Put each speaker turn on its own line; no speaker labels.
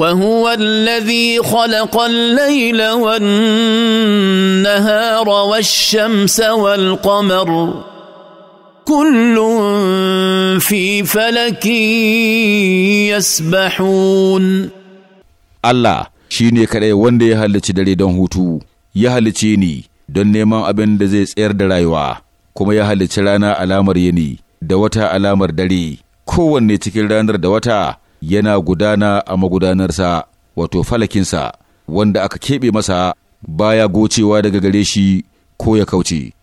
وهو الذي خلق الليل والنهار والشمس والقمر كل في فلك يسبحون
الله shine kaɗai wanda ya halicci dare don hutu ya halicce ni don neman abin da zai tsayar da rayuwa kuma ya halicci rana alamar yani da wata alamar dare kowanne cikin ranar da wata yana gudana a magudanarsa wato falakinsa wanda aka keɓe masa baya gocewa daga
gare shi ko ya kauce.